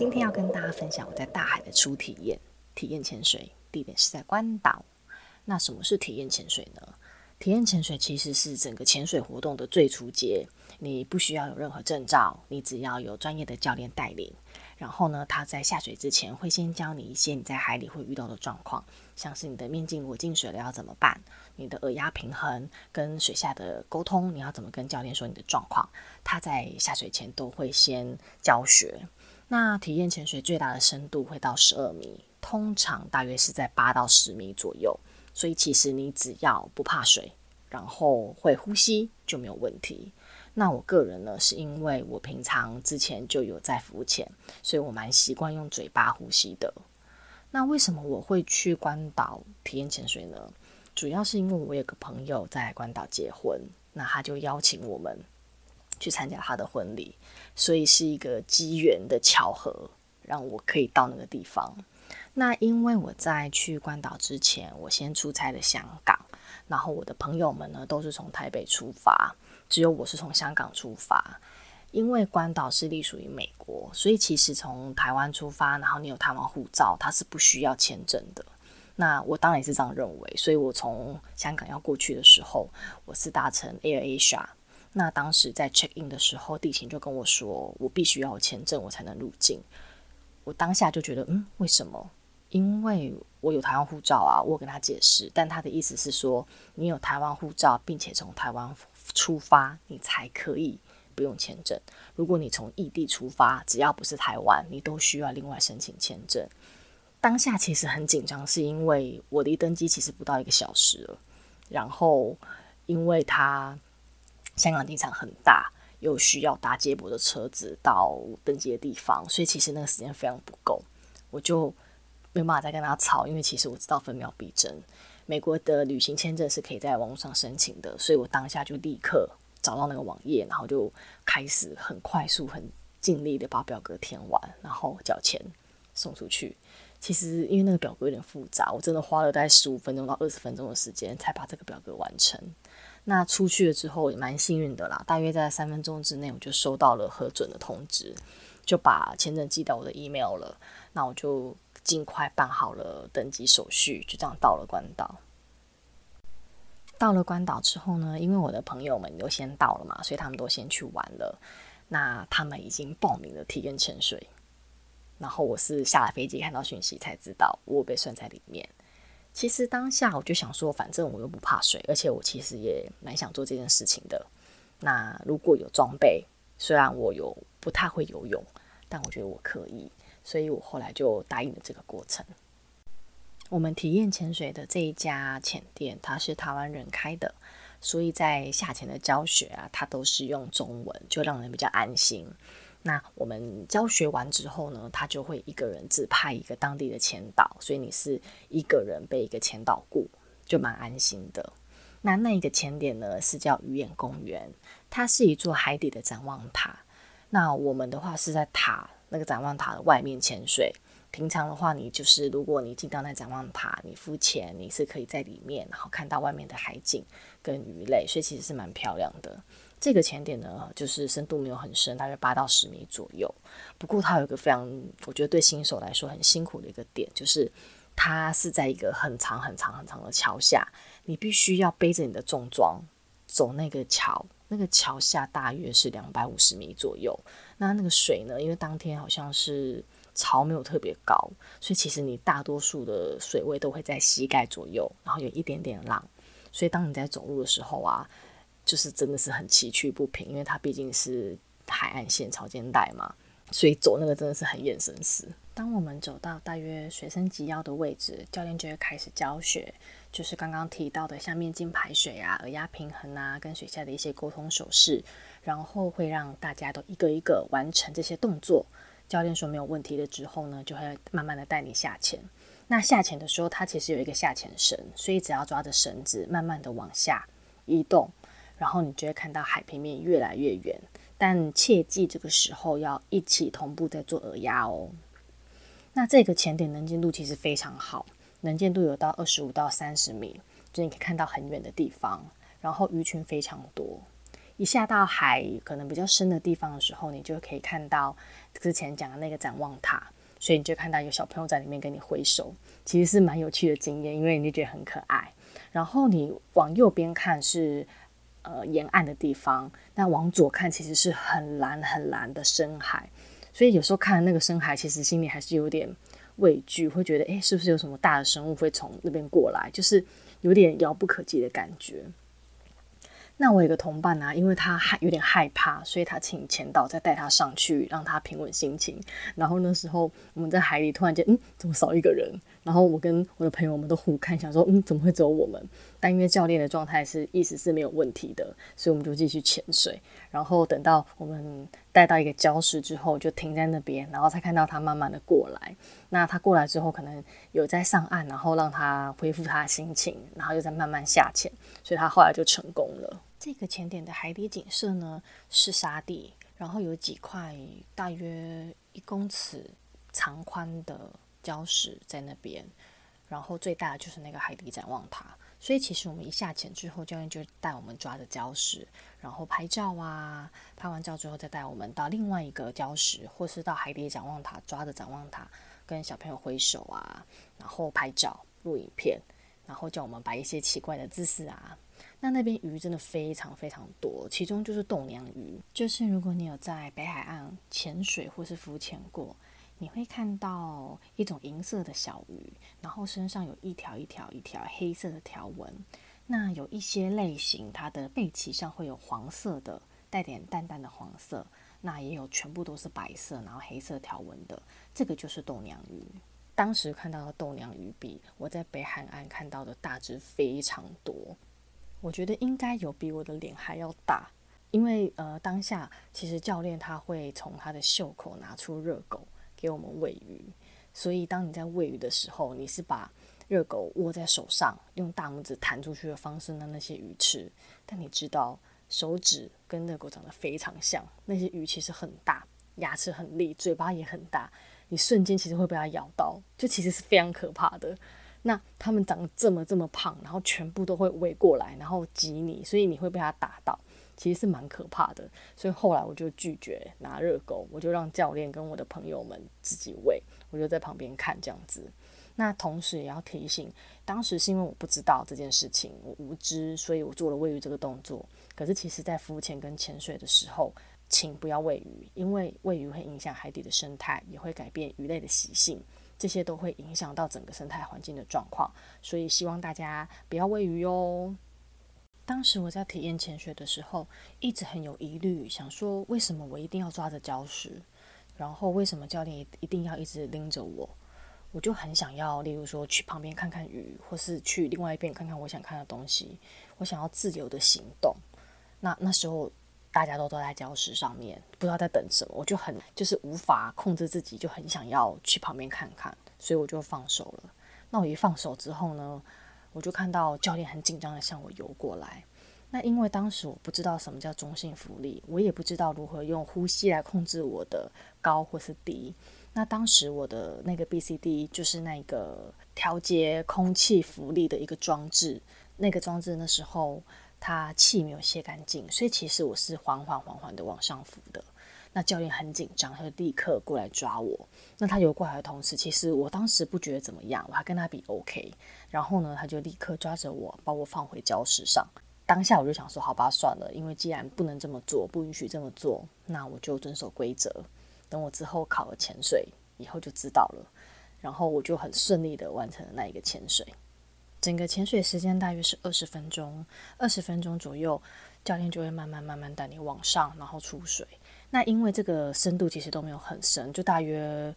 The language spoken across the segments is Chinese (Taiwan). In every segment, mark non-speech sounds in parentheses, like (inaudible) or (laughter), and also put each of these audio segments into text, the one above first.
今天要跟大家分享我在大海的初體驗，體驗潛水地點是在關島。那什麼是體驗潛水呢？體驗潛水其實是整個潛水活動的最初階，你不需要有任何證照，你只要有專業的教練帶領。然後呢，他在下水之前會先教你一些你在海裡會遇到的狀況，像是你的面鏡如果進水了要怎麼辦，你的耳壓平衡跟水下的溝通，你要怎麼跟教練說你的狀況，他在下水前都會先教學。那體驗潛水最大的深度會到十二米，通常大約是在八到十米左右。所以其實你只要不怕水，然後會呼吸就沒有問題。那我個人呢，是因為我平常之前就有在浮潛，所以我蠻習慣用嘴巴呼吸的。那為什麼我會去關島體驗潛水呢？主要是因為我有個朋友在關島結婚，那他就邀請我們。去參加他的婚禮，所以是一個機緣的巧合，讓我可以到那個地方。那因為我在去關島之前，我先出差了香港，然後我的朋友們呢，都是從台北出發，只有我是從香港出發。因為關島是隸屬於美國，所以其實從台灣出發，然後你有台灣護照，它是不需要簽證的。那我當然也是這樣認為，所以我從香港要過去的時候，我是搭乘 Air Asia。那當時在 check in 的時候，地勤就跟我說：“我必須要有簽證，我才能入境。”我當下就覺得，嗯，為什麼？因為我有台灣護照啊。我跟他解釋，但他的意思是說，你有台灣護照，並且從台灣出發，你才可以不用簽證。如果你從異地出發，只要不是台灣，你都需要另外申請簽證。當下其實很緊張，是因為我離登機其實不到一個小時了，然後因為他。香港機場很大，又需要搭接駁的車子到登機的地方，所以其實那個時間非常不夠，我就沒辦法再跟他吵，因為其實我知道分秒必爭。美國的旅行簽證是可以在網絡上申請的，所以我當下就立刻找到那個網頁，然後就開始很快速、很盡力的把表格填完，然後繳錢送出去。其實因為那個表格有點複雜，我真的花了大概十五分鐘到二十分鐘的時間才把這個表格完成。那出去了之後也蠻幸運的啦，大約在三分鐘之內我就收到了核准的通知，就把簽證寄到我的 email 了。那我就盡快辦好了登機手續，就這樣到了關島。到了關島之後呢，因為我的朋友們都先到了嘛，所以他們都先去玩了。那他們已經報名了體驗潛水，然後我是下了飛機看到訊息才知道我被算在裡面。其實當下我就想說，反正我又不怕水，而且我其實也蠻想做這件事情的。那如果有裝備，雖然我有不太會游泳，但我覺得我可以，所以我後來就答應了這個過程。 (noise) 我們體驗潛水的這一家潛店，它是台灣人開的，所以在下潛的教學啊，它都是用中文，就讓人比較安心。那我們教學完之後呢，他就會一個人自拍一個當地的潛導，所以你是一個人被一個潛導顧，就蠻安心的。那那一個潛點呢，是叫魚眼公園，它是一座海底的展望塔。那我們的話是在塔，那個展望塔的外面潛水。平常的話，你就是如果你進到那展望塔，你浮潛，你是可以在裡面然後看到外面的海景跟魚類，所以其實是蠻漂亮的。這個潛點呢，就是深度沒有很深，大約八到十米左右。不過它有一個非常，我覺得對新手來說很辛苦的一個點，就是它是在一個很長、很長、很長的橋下，你必須要背着你的重裝走那個橋。那個橋下大約是兩百五十米左右。那那個水呢，因為當天好像是潮沒有特別高，所以其實你大多數的水位都會在膝蓋左右，然後有一點點浪。所以當你在走路的時候啊。就是真的是很崎嶇不平，因為它畢竟是海岸線潮間帶嘛，所以走那個真的是很眼神死。當我們走到大約水深及腰的位置，教練就會開始教學，就是剛剛提到的像面鏡排水啊、耳壓平衡啊，跟水下的一些溝通手勢，然後會讓大家都一個一個完成這些動作。教練說沒有問題了之後呢，就會慢慢的帶你下潛。那下潛的時候，它其實有一個下潛繩，所以只要抓着繩子，慢慢的往下移動。然後你就會看到海平面越來越遠，但切記這個時候要一起同步在做耳壓哦。那這個潛點能見度其實非常好，能見度有到二十五到三十米，所以你可以看到很遠的地方。然後魚群非常多，一下到海可能比較深的地方的時候，你就可以看到之前講的那個展望塔，所以你就看到有小朋友在裡面跟你揮手，其實是蠻有趣的經驗，因為你覺得很可愛。然後你往右邊看是。呃，沿岸的地方，那往左看，其實是很藍、很藍的深海，所以有時候看那個深海，其實心裡還是有點畏懼，會覺得，誒，是不是有什麼大的生物會從那邊過來？就是有點遙不可及的感覺。那我有個同伴呢、啊，因為他害有點害怕，所以他請潛導再帶他上去，讓他平穩心情。然後那時候我們在海裡突然間，嗯，怎麼少一個人？然後我跟我的朋友們都互看，想說，嗯，怎麼會只有我們？但因為教練的狀態是意識是沒有問題的，所以我們就繼續潛水。然後等到我們。帶到一個礁石之後，就停在那邊，然後才看到他慢慢的過來。那他過來之後，可能有在上岸，然後讓他恢復他的心情，然後又在慢慢下潛，所以他後來就成功了。這個潛點的海底景色呢，是沙地，然後有幾塊大約一公尺長寬的礁石在那邊，然後最大的就是那個海底展望塔。所以其實我們一下潛之後，教練就帶我們抓着礁石，然後拍照啊。拍完照之後，再帶我們到另外一個礁石，或是到海底展望塔抓着展望塔，跟小朋友揮手啊，然後拍照、錄影片，然後叫我們擺一些奇怪的姿勢啊。那那邊魚真的非常非常多，其中就是豆娘魚，就是如果你有在北海岸潛水或是浮潛過。你會看到一種銀色的小魚，然後身上有一條一條一條黑色的條紋。那有一些類型，它的背鰭上會有黃色的，帶點淡淡的黃色。那也有全部都是白色，然後黑色條紋的。這個就是豆娘魚。當時看到的豆娘魚比我在北海岸看到的大隻非常多。我覺得應該有比我的臉還要大，因為呃，當下其實教練他會從他的袖口拿出熱狗。給我們餵魚，所以當你在餵魚的時候，你是把熱狗握在手上，用大拇指彈出去的方式讓那些魚吃。但你知道，手指跟熱狗長得非常像，那些魚其實很大，牙齒很利，嘴巴也很大，你瞬間其實會被它咬到，就其實是非常可怕的。那它們長得這麼這麼胖，然後全部都會圍過來，然後擠你，所以你會被它打到。其實是蠻可怕的，所以後來我就拒絕拿熱狗，我就讓教練跟我的朋友們自己餵，我就在旁邊看這樣子。那同時也要提醒，當時是因為我不知道這件事情，我無知，所以我做了餵魚這個動作。可是其實在浮潛跟潛水的時候，請不要餵魚，因為餵魚會影響海底的生態，也會改變魚類的習性，這些都會影響到整個生態環境的狀況。所以希望大家不要餵魚哦。當時我在體驗潛水的時候，一直很有疑慮，想說，為什麼我一定要抓着礁石，然後為什麼教練一一定要一直拎着我？我就很想要，例如說去旁邊看看魚，或是去另外一邊看看我想看的東西。我想要自由的行動。那那時候大家都坐在礁石上面，不知道在等什麼，我就很就是無法控制自己，就很想要去旁邊看看，所以我就放手了。那我一放手之後呢？我就看到教練很緊張的向我游過來。那因為當時我不知道什麼叫中性浮力，我也不知道如何用呼吸來控制我的高或是低。那當時我的那個 BCD 就是那個調節空氣浮力的一個裝置，那個裝置那時候它氣沒有泄乾淨，所以其實我是緩緩緩緩的往上浮的。那教練很緊張，他就立刻過來抓我。那他游過來的同時，其實我當時不覺得怎麼樣，我還跟他比 OK。然後呢，他就立刻抓着我，把我放回礁石上。當下我就想說：“好吧，算了，因為既然不能這麼做，不允許這麼做，那我就遵守規則。等我之後考了潛水以後就知道了。”然後我就很順利地完成了那一個潛水。整個潛水時間大約是二十分鐘，二十分鐘左右，教練就會慢慢慢慢帶你往上，然後出水。那因為這個深度其實都沒有很深，就大約，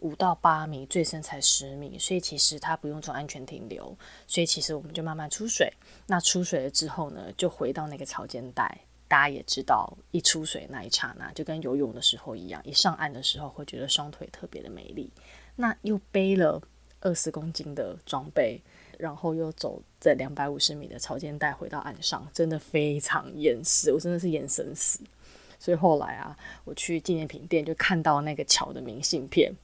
五到八米，最深才十米，所以其實他不用做安全停留，所以其實我們就慢慢出水。那出水了之後呢，就回到那個潮間帶。大家也知道，一出水那一剎那就跟游泳的時候一樣，一上岸的時候會覺得雙腿特別的沒力。那又背了二十公斤的裝備，然後又走在兩百五十米的潮間帶回到岸上，真的非常嚴實，我真的是眼神死。所以後來啊，我去紀念品店就看到那個橋的明信片。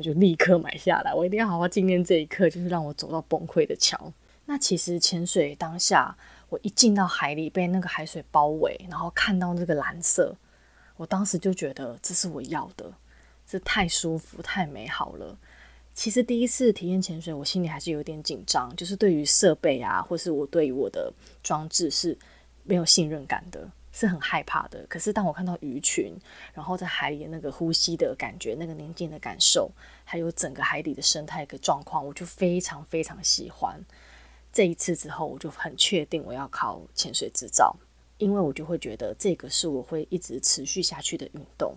我就立刻買下來，我一定要好好紀念這一刻，就是讓我走到崩潰的橋。那其實潛水當下，我一進到海裡，被那個海水包圍，然後看到那個藍色，我當時就覺得這是我要的，這太舒服太美好了。其實第一次體驗潛水，我心裡還是有點緊張，就是對於設備啊，或是我對於我的裝置是沒有信任感的。是很害怕的，可是當我看到魚群，然後在海裡那個呼吸的感覺，那個寧靜的感受，還有整個海底的生態的狀況，我就非常非常喜歡。這一次之後，我就很確定我要考潛水執照，因為我就會覺得這個是我會一直持續下去的運動。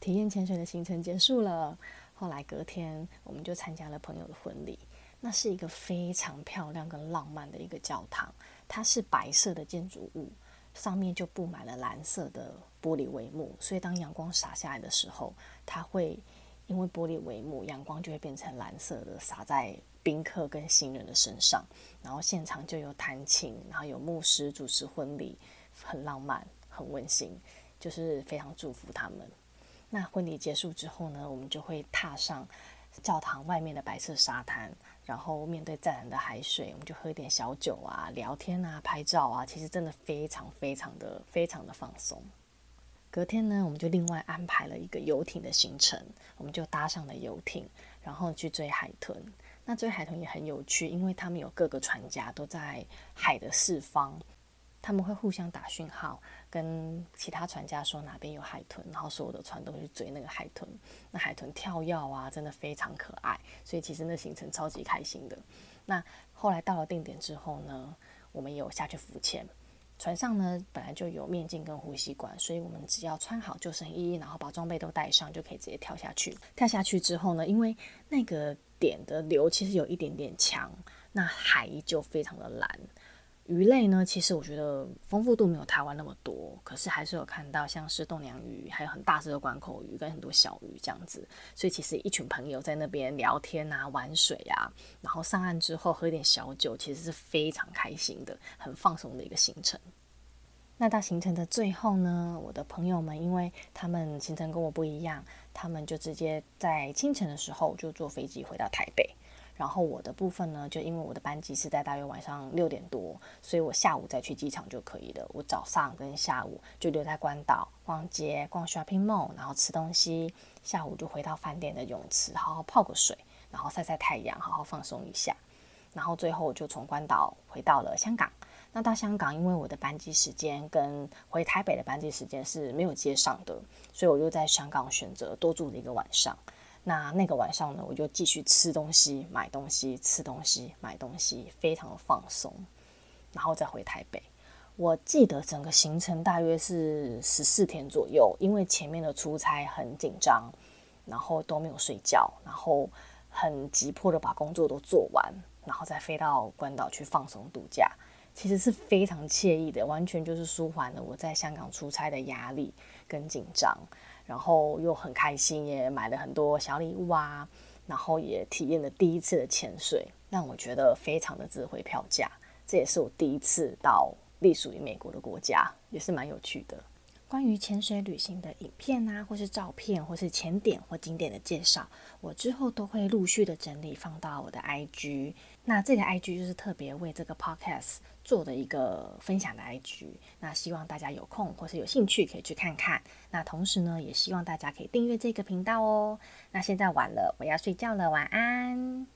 體驗潛水的行程結束了，後來隔天我們就參加了朋友的婚禮，那是一個非常漂亮跟浪漫的一個教堂，它是白色的建築物。上面就佈滿了藍色的玻璃帷幕，所以當陽光灑下來的時候，它會因為玻璃帷幕，陽光就會變成藍色的，灑在賓客跟新人的身上。然後現場就有彈琴，然後有牧師主持婚禮，很浪漫，很溫馨，就是非常祝福他們。那婚禮結束之後呢，我們就會踏上。教堂外面的白色沙灘，然後面對湛藍的海水，我們就喝一點小酒啊，聊天啊，拍照啊，其實真的非常非常的非常的放鬆。隔天呢，我們就另外安排了一個遊艇的行程，我們就搭上了遊艇，然後去追海豚。那追海豚也很有趣，因為他們有各個船家都在海的四方。他們會互相打訊號，跟其他船家說哪邊有海豚，然後所有的船都去追那個海豚。那海豚跳躍啊，真的非常可愛，所以其實那行程超級開心的。那後來到了定點之後呢，我們有下去浮潛。船上呢，本來就有面鏡跟呼吸管，所以我們只要穿好救生衣，然後把裝備都帶上，就可以直接跳下去。跳下去之後呢，因為那個點的流其實有一點點強，那海就非常的藍。魚類呢，其實我覺得豐富度沒有台灣那麼多，可是還是有看到像是豆娘魚，還有很大隻的管口魚，跟很多小魚這樣子。所以其實一群朋友在那邊聊天啊、玩水啊，然後上岸之後喝一點小酒，其實是非常開心的、很放鬆的一個行程。那到行程的最後呢，我的朋友們因為他們行程跟我不一樣，他們就直接在清晨的時候就坐飛機回到台北。然後我的部分呢，就因為我的班機，是在大約晚上六點多，所以我下午再去機場就可以了。我早上跟下午就留在關島逛街、逛 shopping mall，然後吃東西。下午就回到飯店的泳池，好好泡個水，然後曬曬太陽，好好放鬆一下。然後最後我就從關島回到了香港。那到香港，因為我的班機時間跟回台北的班機時間是沒有接上的，所以我就在香港選擇多住了一個晚上。那那個晚上呢，我就繼續吃東西、買東西、吃東西、買東西，非常的放鬆，然後再回台北。我記得整個行程大約是十四天左右，因為前面的出差很緊張，然後都沒有睡覺，然後很急迫的把工作都做完，然後再飛到關島去放鬆度假，其實是非常愜意的，完全就是舒緩了我在香港出差的壓力跟緊張。然後又很開心，也買了很多小禮物啊，然後也體驗了第一次的潛水，讓我覺得非常的值回票價。這也是我第一次到隸屬於美國的國家，也是蠻有趣的。關於潛水旅行的影片啊，或是照片，或是潛點或景點的介紹，我之後都會陸續的整理放到我的 IG。那這個 IG 就是特別為這個 Podcast 做的一個分享的 IG，那希望大家有空或是有興趣可以去看看。那同時呢，也希望大家可以訂閱這個頻道哦。那現在晚了，我要睡覺了，晚安。